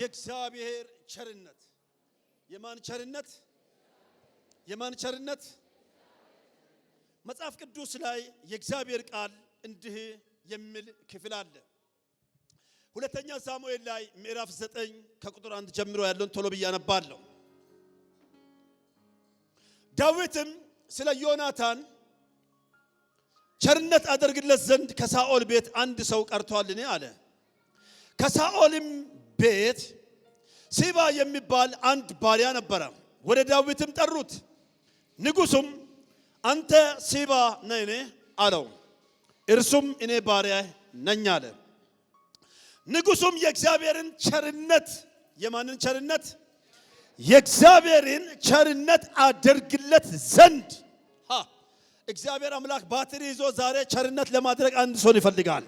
የእግዚአብሔር ቸርነት የማን ቸርነት የማን ቸርነት? መጽሐፍ ቅዱስ ላይ የእግዚአብሔር ቃል እንዲህ የሚል ክፍል አለ። ሁለተኛ ሳሙኤል ላይ ምዕራፍ ዘጠኝ ከቁጥር አንድ ጀምሮ ያለውን ቶሎ ብዬ አነባለሁ። ዳዊትም ስለ ዮናታን ቸርነት አደርግለት ዘንድ ከሳኦል ቤት አንድ ሰው ቀርቷልን አለ። ከሳኦልም ቤት ሲባ የሚባል አንድ ባሪያ ነበረ። ወደ ዳዊትም ጠሩት። ንጉሱም አንተ ሲባ ነህን አለው። እርሱም እኔ ባሪያ ነኝ አለ። ንጉሱም የእግዚአብሔርን ቸርነት የማንን ቸርነት? የእግዚአብሔርን ቸርነት አደርግለት ዘንድ እግዚአብሔር አምላክ ባትሪ ይዞ ዛሬ ቸርነት ለማድረግ አንድ ሰውን ይፈልጋል።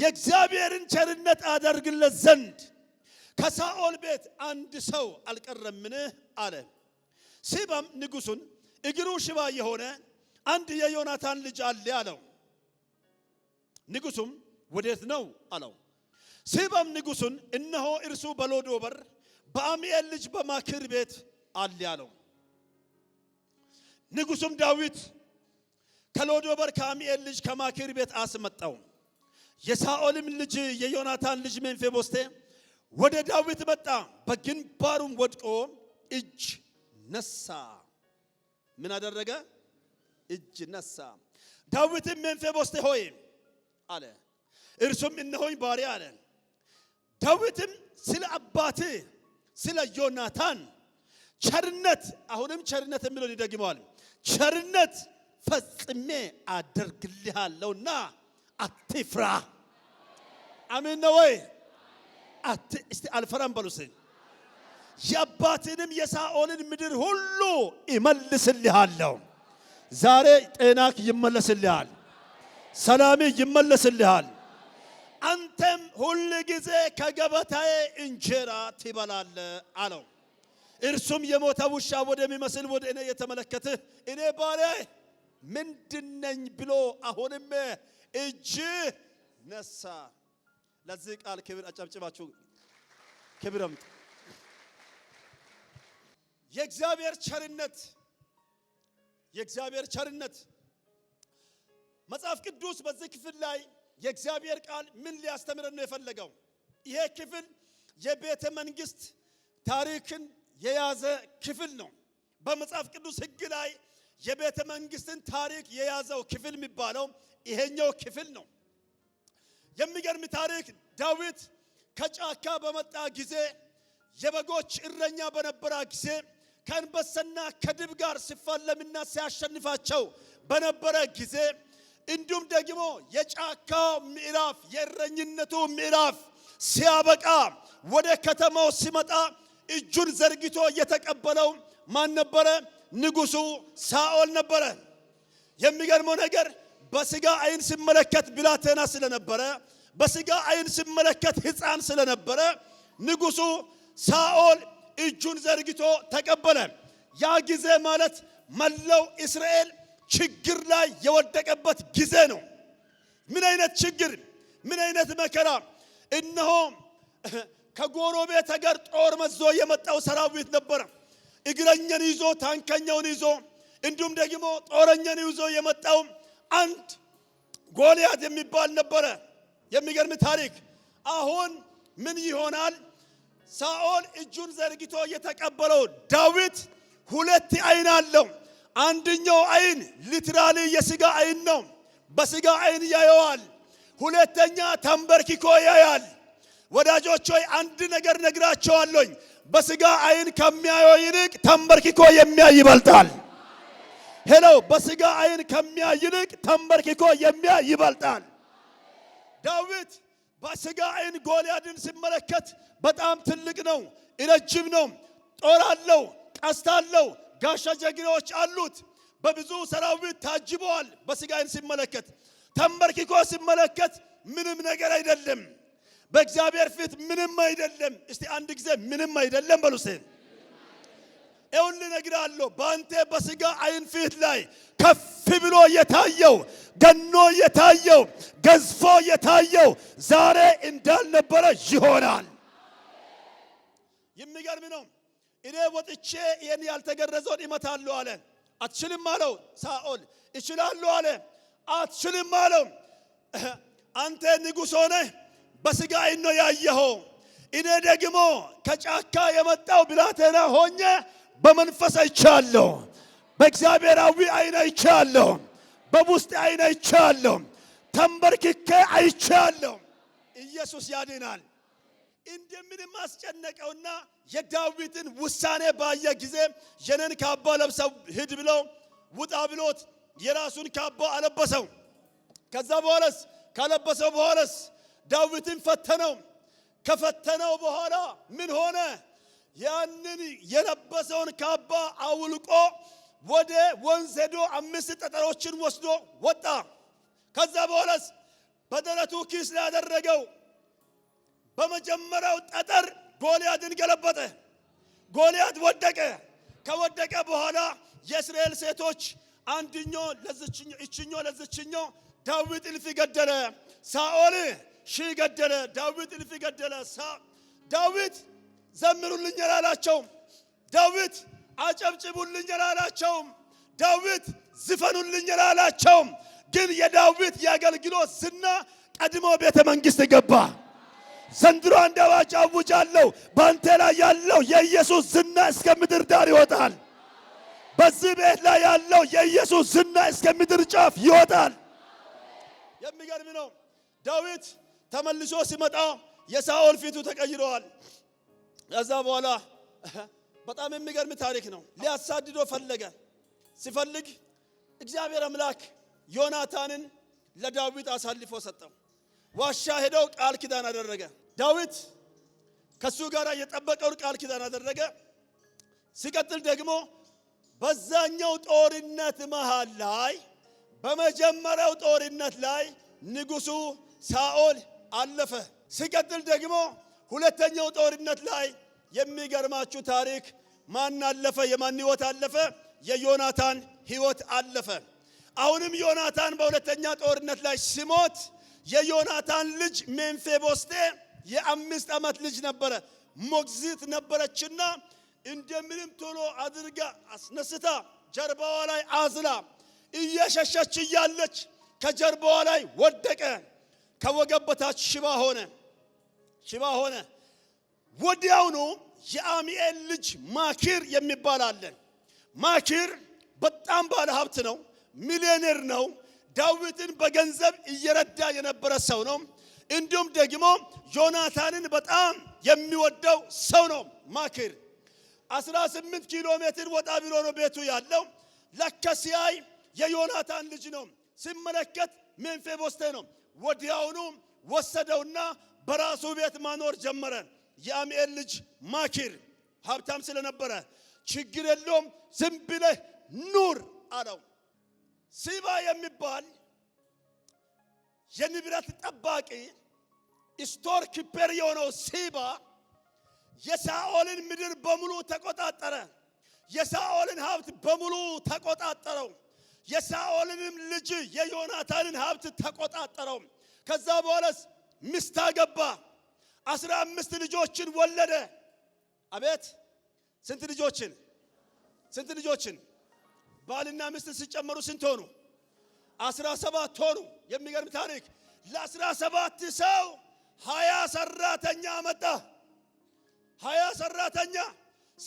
የእግዚአብሔርን ቸርነት አደርግለት ዘንድ ከሳኦል ቤት አንድ ሰው አልቀረምን አለ። ሲባም ንጉሱን እግሩ ሽባ የሆነ አንድ የዮናታን ልጅ አለ አለው። ንጉሱም ወዴት ነው አለው። ሲባም ንጉሱን እነሆ እርሱ በሎዶ በር በአሚኤል ልጅ በማክር ቤት አለ አለው። ንጉሱም ዳዊት ከሎዶ በር ከአሚኤል ልጅ ከማክር ቤት አስመጣው። የሳኦልም ልጅ የዮናታን ልጅ ሜምፊቦስቴ ወደ ዳዊት መጣ፣ በግንባሩም ወድቆ እጅ ነሳ። ምን አደረገ? እጅ ነሳ። ዳዊትም ሜምፊቦስቴ ሆይ አለ። እርሱም እነሆኝ ባሪ አለ። ዳዊትም ስለ አባት ስለ ዮናታን ቸርነት፣ አሁንም ቸርነት የሚለውን ይደግመዋል። ቸርነት ፈጽሜ አደርግልሃለሁና አትፍራ። አሜን ነው ወይ? እስቲ አልፈራም በሉ። የአባትንም የሳኦልን ምድር ሁሉ ይመልስልሃለሁ። ዛሬ ጤናክ ይመለስልሃል፣ ሰላሚ ይመለስልሃል። አንተም ሁል ጊዜ ከገበታዬ እንጀራ ትበላለ አለው። እርሱም የሞተ ውሻ ወደሚመስል ወደ እኔ የተመለከትህ እኔ ባሪያህ ምንድነኝ ብሎ አሁንም እጅ ነሳ። ለዚህ ቃል ክብር አጨብጭባችሁ ክብር አምጡ። የእግዚአብሔር ቸርነት የእግዚአብሔር ቸርነት መጽሐፍ ቅዱስ በዚህ ክፍል ላይ የእግዚአብሔር ቃል ምን ሊያስተምረን ነው የፈለገው? ይሄ ክፍል የቤተ መንግስት ታሪክን የያዘ ክፍል ነው። በመጽሐፍ ቅዱስ ሕግ ላይ የቤተ መንግስትን ታሪክ የያዘው ክፍል የሚባለው ይሄኛው ክፍል ነው። የሚገርም ታሪክ ዳዊት ከጫካ በመጣ ጊዜ የበጎች እረኛ በነበረ ጊዜ ከአንበሳና ከድብ ጋር ሲፋለምና ሲያሸንፋቸው በነበረ ጊዜ እንዲሁም ደግሞ የጫካው ምዕራፍ የእረኝነቱ ምዕራፍ ሲያበቃ ወደ ከተማው ሲመጣ እጁን ዘርግቶ የተቀበለው ማን ነበረ? ንጉሱ ሳኦል ነበረ። የሚገርመው ነገር በስጋ አይን ሲመለከት ብላቴና ስለነበረ፣ በስጋ አይን ሲመለከት ሕፃን ስለነበረ ንጉሱ ሳኦል እጁን ዘርግቶ ተቀበለ። ያ ጊዜ ማለት መላው እስራኤል ችግር ላይ የወደቀበት ጊዜ ነው። ምን አይነት ችግር፣ ምን አይነት መከራ! እነሆ ከጎረቤት ሀገር ጦር መዞ የመጣው ሰራዊት ነበረ። እግረኛን ይዞ ታንከኛውን ይዞ እንዲሁም ደግሞ ጦረኛን ይዞ የመጣው አንድ ጎልያት የሚባል ነበረ። የሚገርም ታሪክ። አሁን ምን ይሆናል? ሳኦል እጁን ዘርግቶ የተቀበለው ዳዊት ሁለት አይን አለው። አንደኛው አይን ሊትራሊ የስጋ አይን ነው። በስጋ አይን ያየዋል። ሁለተኛ ተንበርክኮ ያያል። ወዳጆች ሆይ አንድ ነገር ነግራቸዋለኝ። በስጋ አይን ከሚያየው ይልቅ ተንበርክኮ የሚያይ ይበልጣል። ሄሎ በስጋ አይን ከሚያይ ይልቅ ተንበርክኮ የሚያይ ይበልጣል። ዳዊት በስጋ አይን ጎልያድን ሲመለከት በጣም ትልቅ ነው፣ ረጅም ነው፣ ጦር አለው፣ ቀስት አለው፣ ጋሻ ጀግናዎች አሉት። በብዙ ሰራዊት ታጅበዋል። በስጋ አይን ሲመለከት፣ ተንበርክኮ ሲመለከት ምንም ነገር አይደለም። በእግዚአብሔር ፊት ምንም አይደለም። እስቲ አንድ ጊዜ ምንም አይደለም በሉሴን እውን ልነግርሃለሁ በአንተ በስጋ አይን ፊት ላይ ከፍ ብሎ የታየው ገኖ የታየው ገዝፎ የታየው ዛሬ እንዳልነበረ ይሆናል። የሚገርም ነው። እኔ ወጥቼ ይህን ያልተገረዘውን እመታለሁ አለ። አትችልም አለው ሳኦል። እችላለሁ አለ። አትችልም አለው። አንተ ንጉሥ ሆነ በሥጋ ዓይን ነው ያየኸው። እኔ ደግሞ ከጫካ የመጣው ብላቴና ሆኜ በመንፈስ አይቻለሁ። በእግዚአብሔራዊ አይን አይቻለሁ። በውስጤ አይን አይቻለሁ። ተንበርክኬ አይቻለሁ። ኢየሱስ ያድናል። እንደምንም አስጨነቀውና የዳዊትን ውሳኔ ባየ ጊዜ የነን ካባ ለብሰው ሂድ ብለው ውጣ ብሎት የራሱን ካባ አለበሰው። ከዛ በኋላስ ካለበሰው በኋላስ ዳዊትን ፈተነው። ከፈተነው በኋላ ምን ሆነ? ያንን የለበሰውን ካባ አውልቆ ወደ ወንዝ ሄዶ አምስት ጠጠሮችን ወስዶ ወጣ። ከዛ በኋላስ በደረቱ ኪስ ላይ ያደረገው በመጀመሪያው ጠጠር ጎልያድን ገለበጠ። ጎልያድ ወደቀ። ከወደቀ በኋላ የእስራኤል ሴቶች አንድኞ ለዝችኞ እችኞ ለዝችኞ ዳዊት እልፍ ገደለ፣ ሳኦል ሺ ገደለ፣ ዳዊት እልፍ ገደለ። ዳዊት ዘምሩልኝ አላላቸውም። ዳዊት አጨብጭቡልኝ አላላቸውም። ዳዊት ዝፈኑልኝ አላላቸውም። ግን የዳዊት የአገልግሎት ዝና ቀድሞ ቤተ መንግሥት ገባ። ዘንድሮ አንድ አዋጅ አውጃለሁ። በአንተ ላይ ያለው የኢየሱስ ዝና እስከ ምድር ዳር ይወጣል። በዚህ ቤት ላይ ያለው የኢየሱስ ዝና እስከ ምድር ጫፍ ይወጣል። የሚገርም ነው። ዳዊት ተመልሶ ሲመጣ የሳኦል ፊቱ ተቀይረዋል። ከዛ በኋላ በጣም የሚገርም ታሪክ ነው። ሊያሳድዶ ፈለገ። ሲፈልግ እግዚአብሔር አምላክ ዮናታንን ለዳዊት አሳልፎ ሰጠው። ዋሻ ሄደው ቃል ኪዳን አደረገ። ዳዊት ከሱ ጋር የጠበቀውን ቃል ኪዳን አደረገ። ሲቀጥል ደግሞ በዛኛው ጦርነት መሃል ላይ በመጀመሪያው ጦርነት ላይ ንጉሱ ሳኦል አለፈ። ሲቀጥል ደግሞ ሁለተኛው ጦርነት ላይ የሚገርማችሁ ታሪክ ማን አለፈ? የማን ህይወት አለፈ? የዮናታን ህይወት አለፈ። አሁንም ዮናታን በሁለተኛ ጦርነት ላይ ሲሞት የዮናታን ልጅ ሜምፊቦስቴ የአምስት ዓመት ልጅ ነበረ። ሞግዚት ነበረችና እንደምንም ቶሎ አድርጋ አስነስታ ጀርባዋ ላይ አዝላ እየሸሸች እያለች ከጀርባዋ ላይ ወደቀ። ከወገብ በታች ሽባ ሆነ። ሽባ ሆነ። ወዲያውኑ የአሚኤል ልጅ ማኪር የሚባል አለን። ማኪር በጣም ባለ ሀብት ነው፣ ሚሊዮኔር ነው። ዳዊትን በገንዘብ እየረዳ የነበረ ሰው ነው። እንዲሁም ደግሞ ዮናታንን በጣም የሚወደው ሰው ነው። ማኪር 18 ኪሎ ሜትር ወጣ ብሎ ነው ቤቱ ያለው። ለካ ሲያይ የዮናታን ልጅ ነው። ሲመለከት ሜምፊቦስቴ ነው። ወዲያውኑ ወሰደውና በራሱ ቤት ማኖር ጀመረ። የአሚኤል ልጅ ማኪር ሀብታም ስለነበረ ችግር የለውም ዝም ብለህ ኑር አለው። ሲባ የሚባል የንብረት ጠባቂ ስቶር ኪፐር የሆነው ሲባ የሳኦልን ምድር በሙሉ ተቆጣጠረ። የሳኦልን ሀብት በሙሉ ተቆጣጠረው። የሳኦልንም ልጅ የዮናታንን ሀብት ተቆጣጠረው። ከዛ በኋላስ ሚስት አገባ። አስራ አምስት ልጆችን ወለደ። አቤት ስንት ልጆችን ስንት ልጆችን ባልና ሚስት ሲጨመሩ ስንት ሆኑ? አስራ ሰባት ሆኑ። የሚገርም ታሪክ። ለአስራ ሰባት ሰው ሀያ ሰራተኛ መጣ? ሀያ ሰራተኛ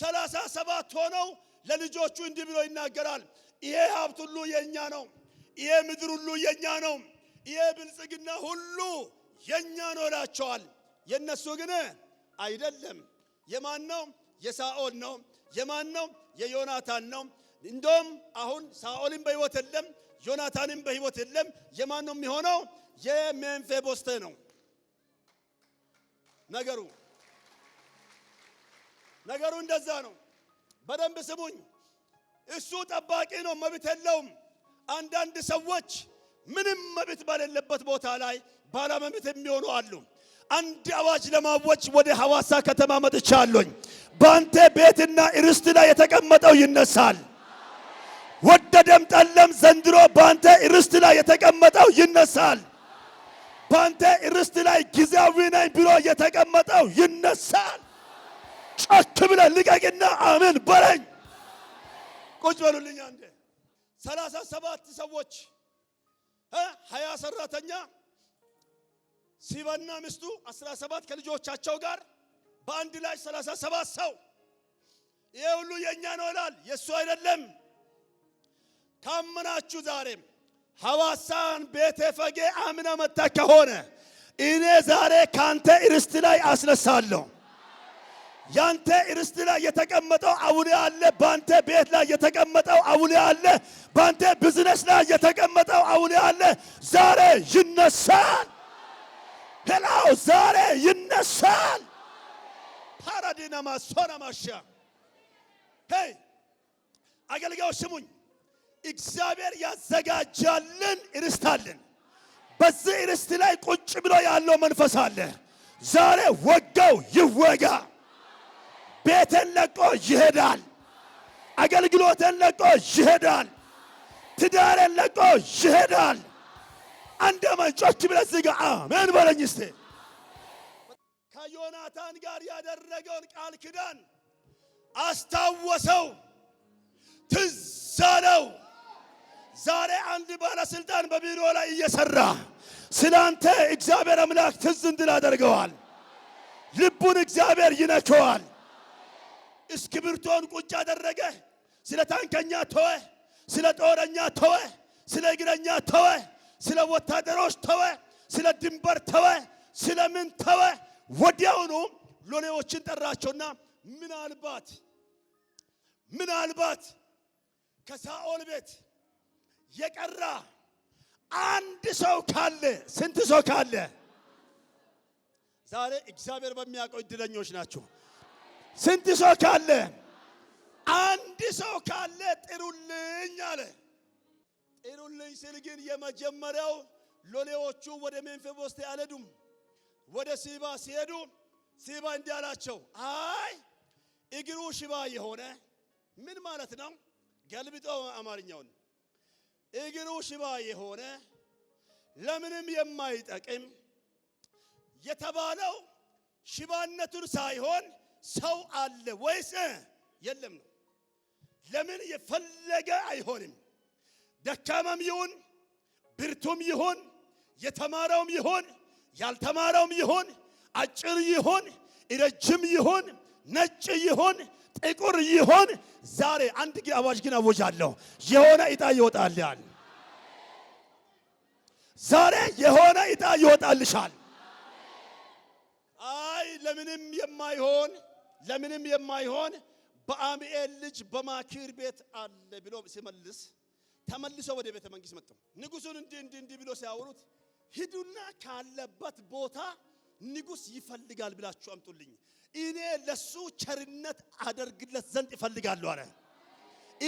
ሰላሳ ሰባት ሆነው ለልጆቹ እንዲህ ብሎ ይናገራል። ይሄ ሀብት ሁሉ የእኛ ነው። ይሄ ምድር ሁሉ የእኛ ነው። ይሄ ብልጽግና ሁሉ የእኛ ነው እላቸዋል። የእነሱ ግን አይደለም። የማን ነው? የሳኦል ነው። የማን ነው? የዮናታን ነው። እንደውም አሁን ሳኦልም በሕይወት የለም፣ ዮናታንም በሕይወት የለም። የማን ነው የሚሆነው? የሜምፊቦስቴ ነው ነገሩ። ነገሩ እንደዛ ነው። በደንብ ስሙኝ። እሱ ጠባቂ ነው፣ መብት የለውም። አንዳንድ ሰዎች ምንም መብት በሌለበት ቦታ ላይ ባለመብት የሚሆኑ አሉ። አንድ አዋጅ ለማወጅ ወደ ሐዋሳ ከተማ መጥቻለሁኝ። በአንተ ቤትና እርስት ላይ የተቀመጠው ይነሳል። ወደደም ጠለም ዘንድሮ በአንተ እርስት ላይ የተቀመጠው ይነሳል። በአንተ እርስት ላይ ጊዜያዊ ነኝ ብሎ የተቀመጠው ይነሳል። ጮክ ብለህ ልቀቅና አምን በለኝ። ቁጭ በሉልኝ። አንዴ ሰላሳ ሰባት ሰዎች ሀያ ሰራተኛ ሲባና ሚስቱ 17 ከልጆቻቸው ጋር በአንድ ላይ 37 ሰው። ይሄ ሁሉ የእኛ ነው ይላል፣ የእሱ አይደለም። ካመናችሁ ዛሬም ሐዋሳን ቤተ ፈጌ አምና መታ ከሆነ እኔ ዛሬ ካንተ እርስት ላይ አስነሳለሁ። ያንተ ርስት ላይ የተቀመጠው አውሬ አለ። ባንተ ቤት ላይ የተቀመጠው አውሬ አለ። ባንተ ቢዝነስ ላይ የተቀመጠው አውሬ አለ። ዛሬ ይነሳል። ሄላው ዛሬ ይነሳል። ፓራዲናማ ሶናማሻ ሄይ አገልጋዮች ስሙኝ። እግዚአብሔር ያዘጋጃልን ርስት አለን። በዚህ ርስት ላይ ቁጭ ብሎ ያለው መንፈስ አለ። ዛሬ ወጋው ይወጋ ቤትን ለቆ ይሄዳል። አገልግሎትን ለቆ ይሄዳል። ትዳርን ለቆ ይሄዳል። አንድ መንጮች ጋር አሜን በለኝ እስቴ ከዮናታን ጋር ያደረገውን ቃል ኪዳን አስታወሰው፣ ትዝ አለው። ዛሬ አንድ ባለስልጣን በቢሮ ላይ እየሰራ ስላንተ እግዚአብሔር አምላክ ትዝ እንድል አደርገዋል። ልቡን እግዚአብሔር ይነከዋል። እስክብርቶን ቁጭ አደረገ። ስለ ታንከኛ ተወ፣ ስለ ጦረኛ ተወ፣ ስለ እግረኛ ተወ፣ ስለ ወታደሮች ተወ፣ ስለ ድንበር ተወ፣ ስለ ምን ተወ። ወዲያውኑ ሎሌዎችን ጠራቸውና ምናልባት ምናልባት ከሳኦል ቤት የቀራ አንድ ሰው ካለ ስንት ሰው ካለ ዛሬ እግዚአብሔር በሚያውቀው እድለኞች ናቸው። ስንት ሰው ካለ አንድ ሰው ካለ ጥሩልኝ አለ። ጥሩልኝ ስል ግን የመጀመሪያው ሎሌዎቹ ወደ ሜምፊቦስቴ አልሄዱም። ወደ ሲባ ሲሄዱ ሲባ እንዲህ አላቸው፣ አይ እግሩ ሽባ የሆነ ምን ማለት ነው? ገልብጦ አማርኛውን እግሩ ሽባ የሆነ ለምንም የማይጠቅም የተባለው ሽባነቱን ሳይሆን ሰው አለ ወይስ የለም ነው። ለምን የፈለገ አይሆንም። ደካማም ይሁን ብርቱም ይሁን የተማረውም ይሁን ያልተማረውም ይሁን አጭር ይሁን ረጅም ይሁን ነጭ ይሁን ጥቁር ይሁን ዛሬ አንድ አዋጅ ግን አወጃለሁ። የሆነ ዕጣ ይወጣልሃል። ዛሬ የሆነ ዕጣ ይወጣልሻል። አይ ለምንም የማይሆን ለምንም የማይሆን በአምኤል ልጅ በማኪር ቤት አለ ብሎ ሲመልስ ተመልሶ ወደ ቤተ መንግስት መጡ። ንጉሱን እንዲህ እንዲህ እንዲህ ብሎ ሲያወሩት ሂዱና ካለበት ቦታ ንጉስ ይፈልጋል ብላችሁ አምጡልኝ፣ እኔ ለሱ ቸርነት አደርግለት ዘንድ ይፈልጋለሁ አለ።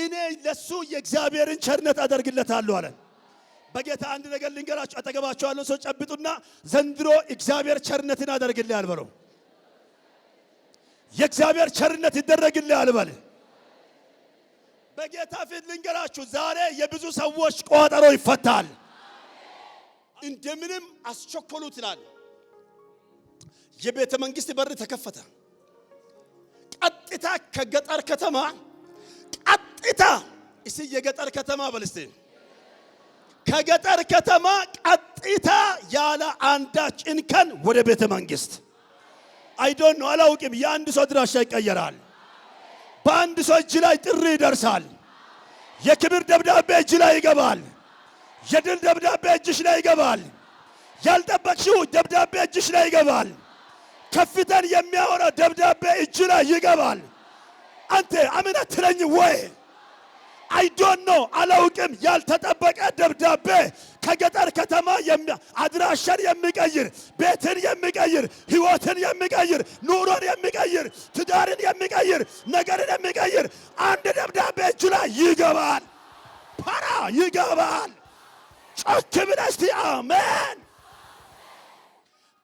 እኔ ለሱ የእግዚአብሔርን ቸርነት አደርግለታለሁ አለ። በጌታ አንድ ነገር ልንገራችሁ። አጠገባችሁ ያለው ሰው ጨብጡና ዘንድሮ እግዚአብሔር ቸርነትን አደርግልህ አልበለው የእግዚአብሔር ቸርነት ይደረግልሃል በል። በጌታ ፊት ልንገራችሁ፣ ዛሬ የብዙ ሰዎች ቋጠሮ ይፈታል። እንደምንም አስቸኮሉት ይላል። የቤተ መንግስት በር ተከፈተ። ቀጥታ ከገጠር ከተማ ቀጥታ እስ የገጠር ከተማ በልስ ከገጠር ከተማ ቀጥታ ያለ አንዳች እንከን ወደ ቤተ መንግስት አይዶን ነው አላውቅም። የአንድ ሰው ድራሻ ይቀየራል። በአንድ ሰው እጅ ላይ ጥሪ ይደርሳል። የክብር ደብዳቤ እጅ ላይ ይገባል። የድል ደብዳቤ እጅሽ ላይ ይገባል። ያልጠበቅሽው ደብዳቤ እጅሽ ላይ ይገባል። ከፍተን የሚያወራ ደብዳቤ እጅ ላይ ይገባል። አንተ አምነት ትለኝ ወይ? አይዶን ነው አላውቅም። ያልተጠበቀ ደብዳቤ ከገጠር ከተማ አድራሻን የሚቀይር ቤትን የሚቀይር ህይወትን የሚቀይር ኑሮን የሚቀይር ትዳርን የሚቀይር ነገርን የሚቀይር አንድ ደብዳቤ እጁ ላይ ይገባል። ፓራ ይገባል። ጮክ ብለስቲ አሜን።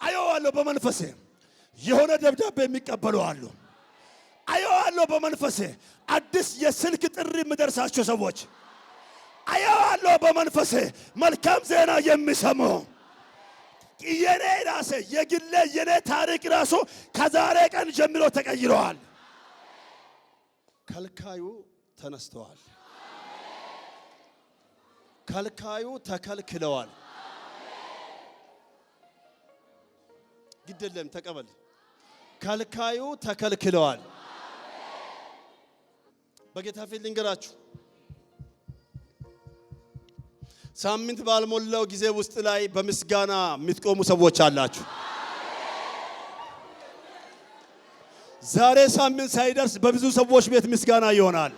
አየዋለሁ በመንፈሴ የሆነ ደብዳቤ የሚቀበሉ አሉ። አየዋለሁ በመንፈሴ አዲስ የስልክ ጥሪ የምደርሳቸው ሰዎች አየዋለሁ። በመንፈሴ መልካም ዜና የሚሰሙ የኔ ራሴ የግሌ የኔ ታሪክ ራሱ ከዛሬ ቀን ጀምሮ ተቀይረዋል። ከልካዩ ተነስተዋል። ከልካዩ ተከልክለዋል። ግድ የለም ተቀበል። ከልካዩ ተከልክለዋል። በጌታ ፊት ልንገራችሁ ሳምንት ባልሞላው ጊዜ ውስጥ ላይ በምስጋና የምትቆሙ ሰዎች አላችሁ። ዛሬ ሳምንት ሳይደርስ በብዙ ሰዎች ቤት ምስጋና ይሆናል።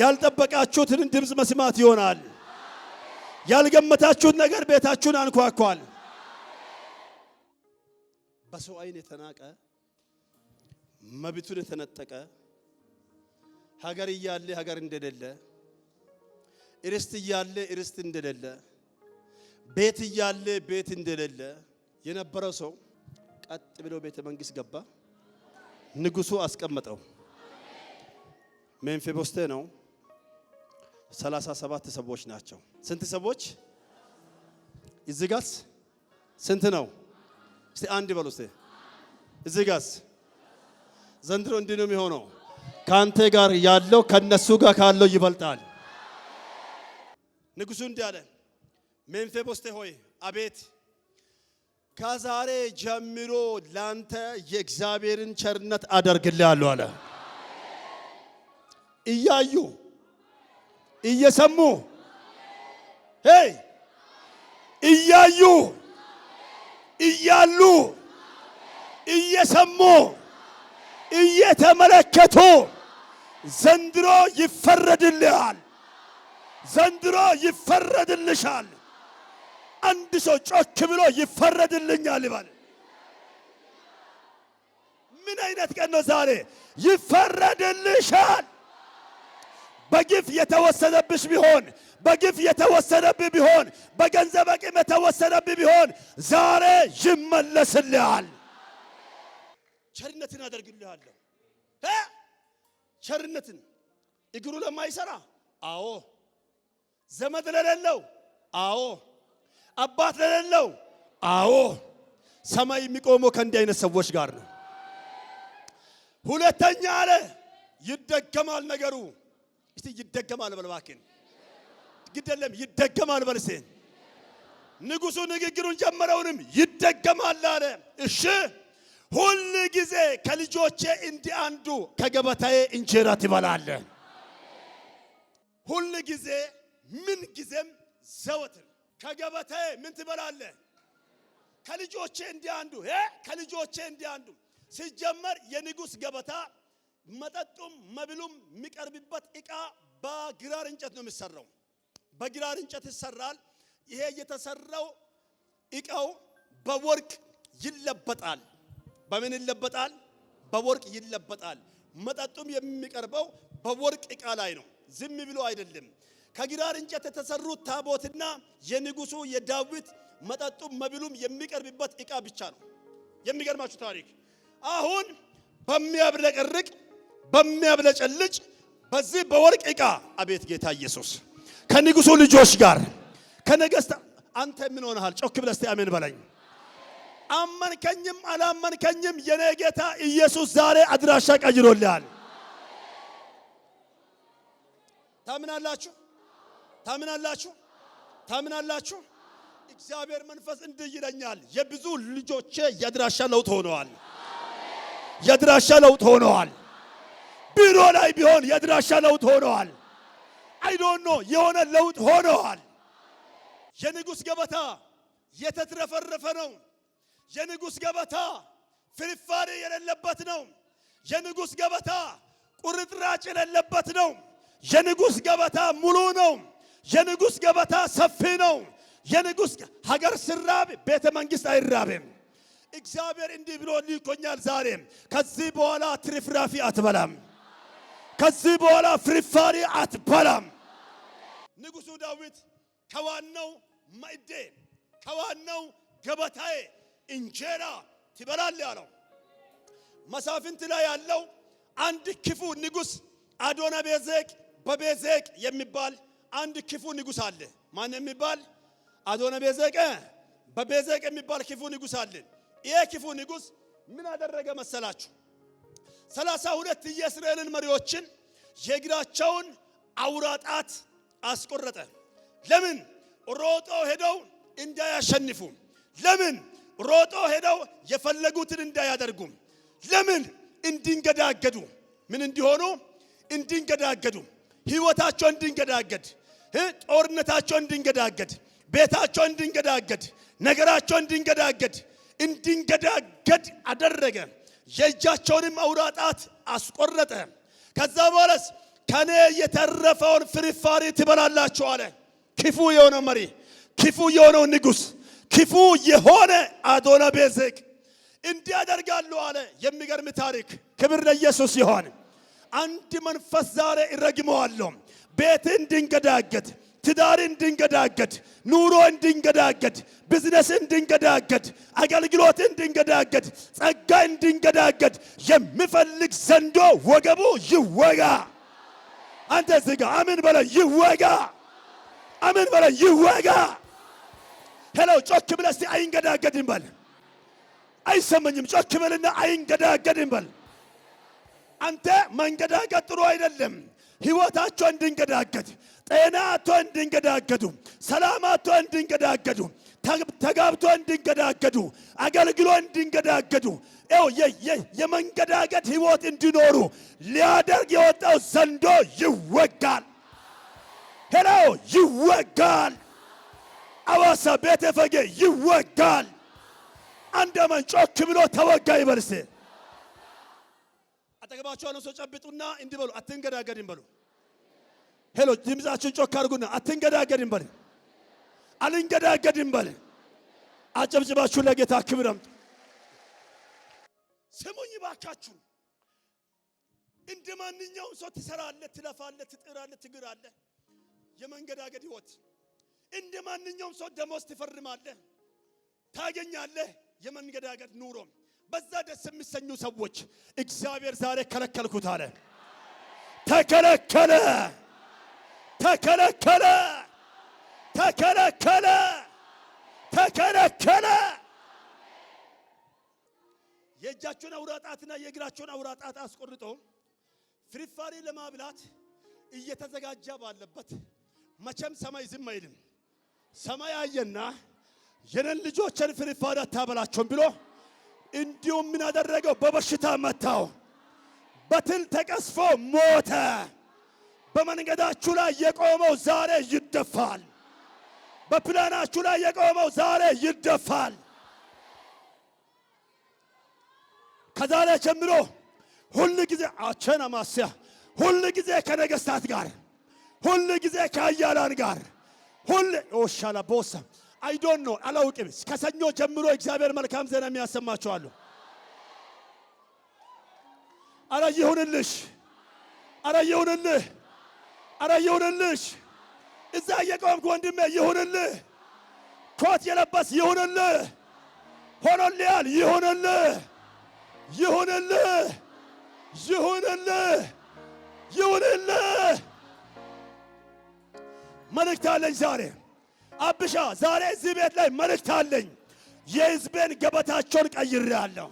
ያልጠበቃችሁትን ድምፅ መስማት ይሆናል። ያልገመታችሁት ነገር ቤታችሁን አንኳኳል። በሰው ዓይን የተናቀ መብቱን የተነጠቀ ሀገር እያለ ሀገር እንደሌለ፣ እርስት እያለ እርስት እንደሌለ፣ ቤት እያለ ቤት እንደሌለ የነበረ ሰው ቀጥ ብሎ ቤተ መንግስት ገባ። ንጉሱ አስቀመጠው። ሜምፊቦስቴ ነው። 37 ሰዎች ናቸው። ስንት ሰዎች እዚጋስ? ስንት ነው? እስቲ አንድ በሉ። እዚጋስ? ዘንድሮ እንዲህ ነው የሚሆነው። ከአንተ ጋር ያለው ከነሱ ጋር ካለው ይበልጣል። ንጉሱ እንዲህ አለ፣ ሜንፌቦስቴ ሆይ አቤት ከዛሬ ጀምሮ ላንተ የእግዚአብሔርን ቸርነት አደርግልሃለሁ አለ። እያዩ እየሰሙ ሄይ እያዩ እያሉ እየሰሙ እየተመለከቱ ዘንድሮ ይፈረድልሃል፣ ዘንድሮ ይፈረድልሻል። አንድ ሰው ጮክ ብሎ ይፈረድልኛል ይባል። ምን አይነት ቀን ነው ዛሬ? ይፈረድልሻል። በግፍ የተወሰደብሽ ቢሆን በግፍ የተወሰደብህ ቢሆን በገንዘብ አቅም የተወሰደብህ ቢሆን ዛሬ ይመለስልሃል። ቸርነትን አደርግልሃለሁ ቸርነትን እግሩ ለማይሰራ አዎ፣ ዘመድ ለሌለው አዎ፣ አባት ለሌለው አዎ። ሰማይ የሚቆመው ከእንዲህ አይነት ሰዎች ጋር ነው። ሁለተኛ አለ ይደገማል ነገሩ። እስቲ ይደገማል በል እባክህን፣ ግድ ይደገማል በል እስኪ። ንጉሡ ንግግሩን ጀመረውንም ይደገማል አለ። እሺ ሁል ጊዜ ከልጆቼ እንዲአንዱ አንዱ ከገበታዬ እንጀራ ትበላለ። ሁል ጊዜ ምን ጊዜም ዘወትር ከገበታዬ ምን ትበላለ? ከልጆቼ እንዲህ አንዱ ከልጆቼ እንዲህ አንዱ። ሲጀመር የንጉሥ ገበታ መጠጡም መብሉም የሚቀርብበት እቃ በግራር እንጨት ነው የሚሰራው። በግራር እንጨት ይሰራል። ይሄ የተሰራው እቃው በወርቅ ይለበጣል። በምን ይለበጣል? በወርቅ ይለበጣል። መጠጡም የሚቀርበው በወርቅ እቃ ላይ ነው። ዝም ብሎ አይደለም። ከግራር እንጨት የተሰሩት ታቦትና የንጉሱ የዳዊት መጠጡም መብሉም የሚቀርብበት እቃ ብቻ ነው። የሚገርማችሁ ታሪክ አሁን በሚያብረቀርቅ በሚያብለጨልጭ በዚህ በወርቅ እቃ አቤት ጌታ ኢየሱስ ከንጉሱ ልጆች ጋር ከነገስት አንተ ምን ሆነሃል? ጮክ ብለህ አሜን በለኝ። አመንከኝም አላመንከኝም የኔ ጌታ ኢየሱስ ዛሬ አድራሻ ቀይሮልሃል። ታምናላችሁ? ታምናላችሁ? ታምናላችሁ? እግዚአብሔር መንፈስ እንዲህ ይለኛል፣ የብዙ ልጆቼ የአድራሻ ለውጥ ሆነዋል። የአድራሻ ለውጥ ሆነዋል። ቢሮ ላይ ቢሆን የአድራሻ ለውጥ ሆነዋል። አይዶኖ የሆነ ለውጥ ሆነዋል። የንጉሥ ገበታ የተትረፈረፈ ነው። የንጉሥ ገበታ ፍርፋሪ የሌለበት ነው። የንጉሥ ገበታ ቁርጥራጭ የሌለበት ነው። የንጉሥ ገበታ ሙሉ ነው። የንጉሥ ገበታ ሰፊ ነው። የንጉሥ ሀገር ስራብ ቤተ መንግሥት አይራብም። እግዚአብሔር እንዲህ ብሎ ልኮኛል ዛሬ። ከዚህ በኋላ ትርፍራፊ አትበላም። ከዚህ በኋላ ፍርፋሪ አትበላም። ንጉሡ ዳዊት ከዋናው ማዕዴ ከዋናው ገበታዬ እንጀራ ትበላል ያለው መሳፍንት ላይ ያለው አንድ ክፉ ንጉስ አዶነ ቤዜቅ በቤዜቅ የሚባል አንድ ክፉ ንጉስ አለ። ማን የሚባል አዶነ ቤዜቅ በቤዜቅ የሚባል ክፉ ንጉሥ አለ። ይሄ ክፉ ንጉስ ምን አደረገ መሰላችሁ? ሰላሳ ሁለት የእስራኤልን መሪዎችን የእግራቸውን አውራ ጣት አስቆረጠ። ለምን ሮጦ ሄደው እንዳያሸንፉ ለምን ሮጦ ሄደው የፈለጉትን እንዳያደርጉ ለምን እንዲንገዳገዱ ምን እንዲሆኑ እንዲንገዳገዱ ህይወታቸው እንዲንገዳገድ ጦርነታቸው እንዲንገዳገድ ቤታቸው እንዲንገዳገድ ነገራቸው እንዲንገዳገድ እንዲንገዳገድ አደረገ። የእጃቸውንም አውራጣት አስቆረጠ። ከዛ በኋላስ ከኔ የተረፈውን ፍርፋሪ ትበላላችሁ አለ። ክፉ የሆነው መሪ፣ ክፉ የሆነው ንጉሥ ክፉ የሆነ አዶነ ቤዜቅ እንዲህ አለ። የሚገርም ታሪክ። ክብር ለኢየሱስ ይሆን። አንድ መንፈስ ዛሬ እረግመዋለሁ። ቤት እንድንገዳገድ፣ ትዳር እንድንገዳገድ፣ ኑሮ እንዲንገዳገድ፣ ቢዝነስ እንድንገዳገድ፣ አገልግሎት እንድንገዳገድ፣ ጸጋ እንድንገዳገድ የሚፈልግ ዘንዶ ወገቡ ይወጋ። አንተ እዚህ ጋ አምን በለ ይወጋ። አምን በለ ይወጋ። ሄሎ ጮክ ብለህ እስቲ አይንገዳገድም በል። አይሰማኝም። ጮክ በልና አይንገዳገድም በል። አንተ መንገዳገድ ጥሩ አይደለም። ህይወታቸው እንድንገዳገድ፣ ጤናቶ እንድንገዳገዱ፣ ሰላማቶ እንድንገዳገዱ፣ ተጋብቶ እንድንገዳገዱ፣ አገልግሎ እንድንገዳገዱ፣ ው የመንገዳገድ ህይወት እንዲኖሩ ሊያደርግ የወጣው ዘንዶ ይወጋል። ሄሎ ይወጋል። አዋሳ ቤተ ፈጌ ይወጋል። አንደመን ጮክ ብሎ ተወጋ ይበልሴ አጠገባቸው ያለውን ሰው ጨብጡና እንዲበሉ አትንገዳገድም በሉ። ሄሎ ድምፃችሁን ጮክ አድርጉና አትንገዳገድም በል፣ አልንገዳገድም በል። አጨብጭባችሁ ለጌታ ክብር አምጡ። ስሙኝ ባካችሁ። እንደ ማንኛውም ሰው ትሰራለህ፣ ትለፋለህ፣ ትጥራለህ፣ ትግራለህ የመንገዳገድ ህይወት እንደ ማንኛውም ሰው ደሞዝ ትፈርማለህ፣ ታገኛለህ። የመንገዳገድ ኑሮ በዛ ደስ የሚሰኙ ሰዎች እግዚአብሔር ዛሬ ከለከልኩት አለ። ተከለከለ፣ ተከለከለ፣ ተከለከለ፣ ተከለከለ። የእጃቸውን አውራጣትና የእግራቸውን አውራጣት አስቆርጦ ፍርፋሪ ለማብላት እየተዘጋጀ ባለበት መቼም ሰማይ ዝም አይልም። ሰማይ አየና የነን ልጆችን ፍርፋዳ አታበላቸውም ብሎ እንዲሁም ምን አደረገው? በበሽታ መታው። በትል ተቀስፎ ሞተ። በመንገዳችሁ ላይ የቆመው ዛሬ ይደፋል። በፕላናችሁ ላይ የቆመው ዛሬ ይደፋል። ከዛሬ ጀምሮ ሁል ጊዜ አቸና ማስያ ሁል ጊዜ ከነገስታት ጋር ሁል ጊዜ ከአያላን ጋር ሁሌ ኦሻላ ቦሳ አይዶን ነው አላውቅም። ከሰኞ ጀምሮ እግዚአብሔር መልካም ዜና የሚያሰማችኋለሁ። አረ ይሁንልሽ፣ አረ ይሁንልህ፣ አረ ይሁንልሽ። እዛ እየቆምክ ወንድሜ ይሁንልህ። ኮት የለበስ ይሁንልህ። ሆኖልያል ይሁንልህ፣ ይሁንልህ፣ ይሁንልህ፣ ይሁንልህ መልእክት አለኝ ዛሬ አብሻ፣ ዛሬ እዚህ ቤት ላይ መልእክት አለኝ። የህዝቤን ገበታቸውን ቀይሬአለሁ።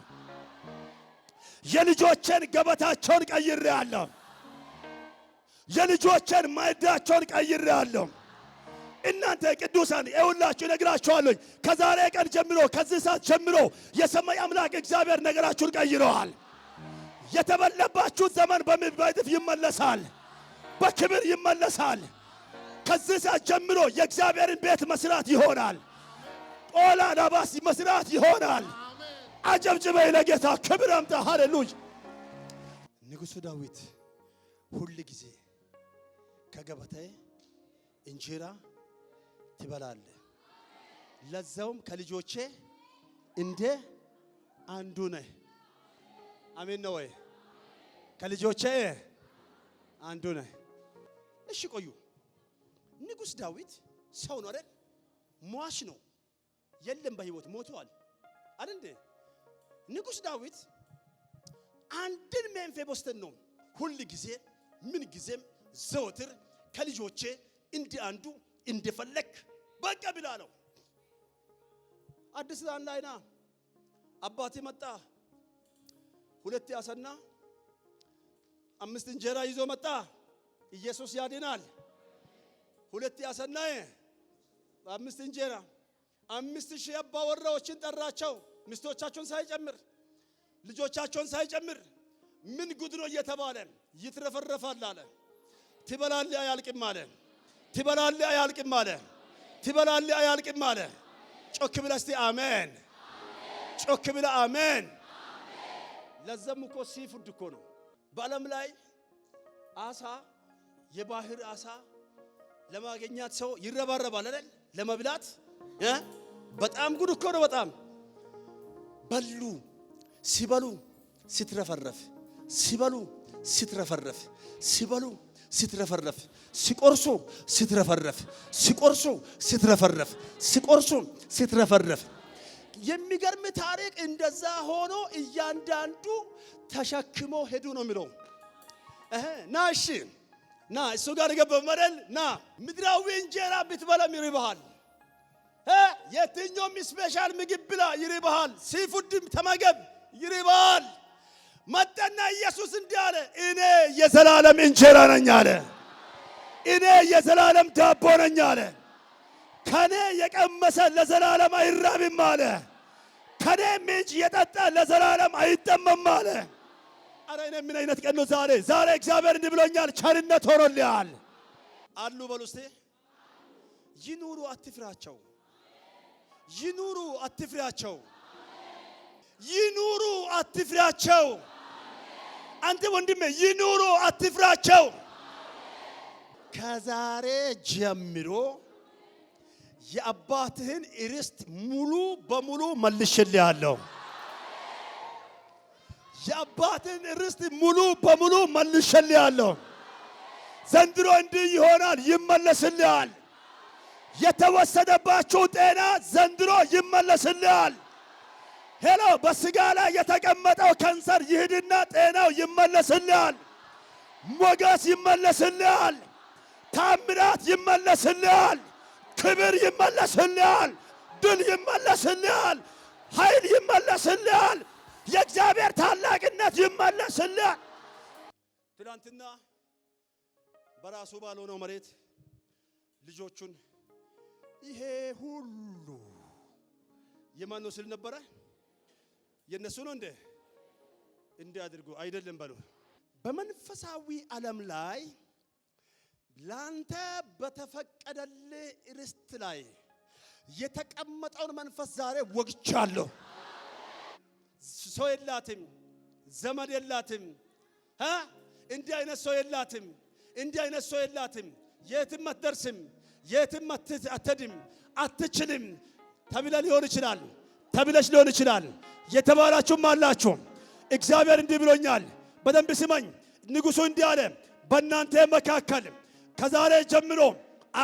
የልጆቼን ገበታቸውን ቀይሬአለሁ። የልጆቼን ማዕዳቸውን ቀይሬአለሁ። እናንተ ቅዱሳን ይሁላችሁ እነግራችኋለሁኝ። ከዛሬ ቀን ጀምሮ ከዚህ ሰዓት ጀምሮ የሰማይ አምላክ እግዚአብሔር ነገራችሁን ቀይረዋል። የተበለባችሁት ዘመን በምድር በእጥፍ ይመለሳል፣ በክብር ይመለሳል። ከዚህ ሰዓት ጀምሮ የእግዚአብሔርን ቤት መስራት ይሆናል። ጦላ ዳባስ መስራት ይሆናል። አጨብጭበ ለጌታ ክብር አምጣ። ሃሌሉያ። ንጉሡ ዳዊት ሁል ጊዜ ከገበታዬ እንጀራ ትበላለ፣ ለዛውም ከልጆቼ እንደ አንዱ ነህ። አሜን ነው ወይ? ከልጆቼ አንዱ ነህ። እሺ ቆዩ ንጉሥ ዳዊት ሰው ነው አይደል? ሟች ነው የለም፣ በህይወት ሞተዋል አይደል እንዴ? ንጉሥ ዳዊት አንድን ሜምፊቦስተን ነው ሁል ጊዜ ምን ጊዜም ዘወትር ከልጆቼ እንዲህ አንዱ እንደፈለክ በቃ ብላ ነው። አዲስ ዳን ላይና አባቴ መጣ፣ ሁለት ያሰና አምስት እንጀራ ይዞ መጣ። ኢየሱስ ያድናል። ሁለት ያሰናየ አምስት እንጀራ አምስት ሺህ አባወራዎችን ጠራቸው። ሚስቶቻቸውን ሳይጨምር ልጆቻቸውን ሳይጨምር ምን ጉድ ነው እየተባለ ይትረፈረፋል አለ። ትበላል አያልቅም አለ። ትበላል አያልቅም አለ። ትበላል አያልቅም አለ። ጮክ ብለ እስቲ አሜን፣ ጮክ ብለ አሜን። ለዘም እኮ ሲፉድ እኮ ነው በዓለም ላይ አሳ የባህር አሳ ለማገኛት ሰው ይረባረባል አይደል? ለመብላት በጣም ጉድ እኮ ነው። በጣም በሉ ሲበሉ ስትረፈረፍ ሲበሉ ስትረፈረፍ ሲበሉ ስትረፈረፍ ሲቆርሱ ስትረፈረፍ ሲቆርሱ ስትረፈረፍ ሲቆርሱ ስትረፈረፍ የሚገርም ታሪክ። እንደዛ ሆኖ እያንዳንዱ ተሸክሞ ሄዱ ነው የሚለው ናሽ ና እሱ ጋር ገባ መረል ና ምድራዊ እንጀራ ብትበላም ይርባሃል። የትኛውም ስፔሻል ምግብ ብላ ይርባሃል። ሲፉድም ተመገብ ይርባሃል። መጠና ኢየሱስ እንዲህ አለ፣ እኔ የዘላለም እንጀራ ነኝ አለ። እኔ የዘላለም ዳቦ ነኝ አለ። ከኔ የቀመሰ ለዘላለም አይራብም አለ። ከኔ ምንጭ የጠጣ ለዘላለም አይጠመም አለ። አራይነ ምን አይነት ቀን ነው ዛሬ? ዛሬ እግዚአብሔር እንዲህ ብሎኛል፣ ቸርነት ሆኖልሃል አሉ። በሉ ይኑሩ፣ አትፍራቸው። ይኑሩ፣ አትፍራቸው። ይኑሩ፣ አትፍራቸው። አንተ ወንድሜ ይኑሩ፣ አትፍራቸው። ከዛሬ ጀምሮ የአባትህን ርስት ሙሉ በሙሉ መልሽልሃለሁ። የአባትን ርስት ሙሉ በሙሉ መልሼልሃለሁ። ዘንድሮ እንዲህ ይሆናል፣ ይመለስልያል። የተወሰደባችሁ ጤና ዘንድሮ ይመለስልያል። ሄሎ፣ በስጋ ላይ የተቀመጠው ካንሰር ይሂድና ጤናው ይመለስልያል። ሞገስ ይመለስልያል። ታምራት ይመለስልያል። ክብር ይመለስልያል። ድል ይመለስልያል። ኃይል ይመለስልያል። የእግዚአብሔር ታላቅነት ይመለስልህ። ትናንትና በራሱ ባልሆነው መሬት ልጆቹን ይሄ ሁሉ የማን ነው ስል ነበረ? የእነሱ ነው እንደ እንዲህ አድርጉ አይደለም በሉ። በመንፈሳዊ ዓለም ላይ ላንተ በተፈቀደልህ ርስት ላይ የተቀመጠውን መንፈስ ዛሬ ወግቻለሁ። ሰው የላትም፣ ዘመድ የላትም፣ እንዲህ አይነት ሰው የላትም፣ እንዲህ አይነት ሰው የላትም፣ የትም አትደርስም፣ የትም አትድም፣ አትችልም ተብለ ሊሆን ይችላል፣ ተብለሽ ሊሆን ይችላል። የተባላችሁም አላችሁ። እግዚአብሔር እንዲህ ብሎኛል። በደንብ ስመኝ። ንጉሱ እንዲህ አለ፣ በእናንተ መካከል ከዛሬ ጀምሮ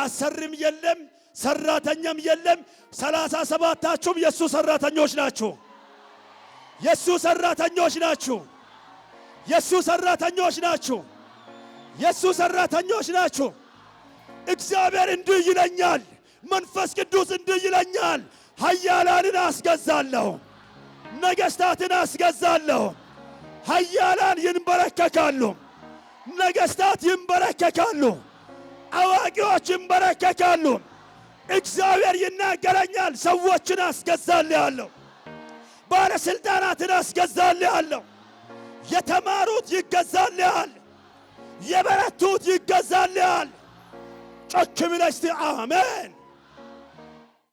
አሰርም የለም ሰራተኛም የለም። ሰላሳ ሰባታችሁም የእሱ ሰራተኞች ናችሁ። የሱ ሰራተኞች ናችሁ። የሱ ሰራተኞች ናችሁ። የሱ ሰራተኞች ናችሁ። እግዚአብሔር እንዲህ ይለኛል፣ መንፈስ ቅዱስ እንዲህ ይለኛል፣ ኃያላንን አስገዛለሁ፣ ነገሥታትን አስገዛለሁ። ኃያላን ይንበረከካሉ፣ ነገሥታት ይንበረከካሉ፣ አዋቂዎች ይንበረከካሉ። እግዚአብሔር ይናገረኛል፣ ሰዎችን አስገዛልሃለሁ። ባለሥልጣናትን አስገዛልሃለሁ። የተማሩት ይገዛልሃል። የበረቱት ይገዛልሃል። ጮክ ብለሽ አሜን